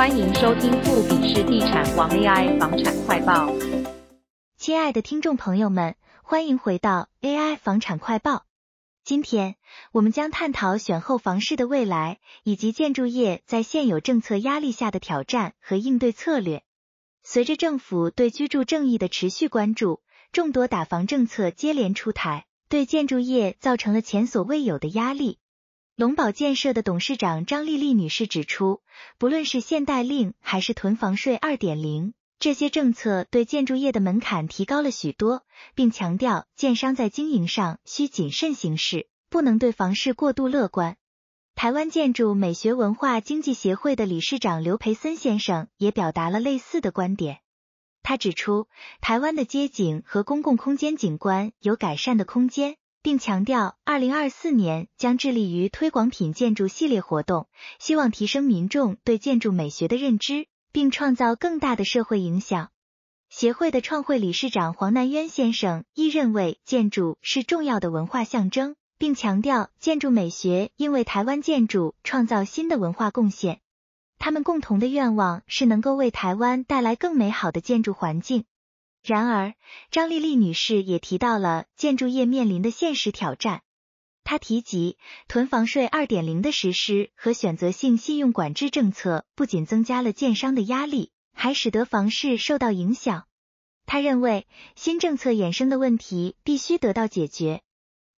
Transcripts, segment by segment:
歡迎收聽富比士地產王 AI 房產快報。親愛的聽眾朋友們，歡迎回到 AI 房產快報。今天，我們將探討選後房市的未來，以及建築業在現有政策壓力下的挑戰和應對策略。隨着政府對居住正義的持續關注，眾多打房政策接連出台，對建築業造成了前所未有的壓力。龍寶建設的董事長張麗莉女士指出，不論是限貸令還是囤房稅二點零，這些政策對建築業的門檻提高了許多，並強調建商在經營上需謹慎行事，不能對房市過度樂觀。台灣建築美學文化經濟協會的理事長劉培森先生也表達了類似的觀點。他指出，台灣的街景和公共空間景觀有改善的空間。並強調，二零二四年將致力於推廣品建築系列活動，希望提升民眾對建築美學的認知，並創造更大的社會影響。協會的創會理事長黃南淵先生亦認為，建築是重要的文化象徵，並強調建築美學應為台灣建築創造新的文化貢獻。他們共同的願望是能夠為台灣帶來更美好的建築環境。然而，張麗莉女士也提到了建築業面臨的現實挑戰。她提及，囤房稅二點零的實施和選擇性信用管制政策不僅增加了建商的壓力，還使得房市受到影響。她認為，新政策衍生的問題必須得到解決。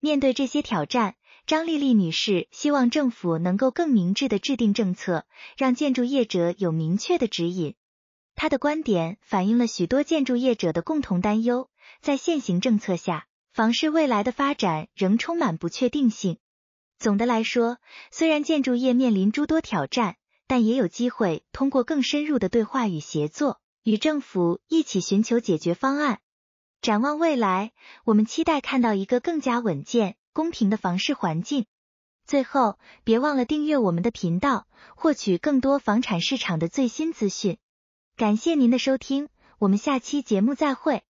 面對這些挑戰，張麗莉女士希望政府能夠更明智地制定政策，讓建築業者有明確的指引。他的觀點反映了許多建築業者的共同擔憂，在現行政策下，房市未來的發展仍充滿不確定性。總的來說，雖然建築業面臨諸多挑戰，但也有機會通過更深入的對話與協作，與政府一起尋求解決方案。展望未來，我們期待看到一個更加穩健、公平的房市環境。最後，別忘了訂閱我們的頻道，獲取更多房產市場的最新資訊。感謝您的收聽，我們下期節目再會。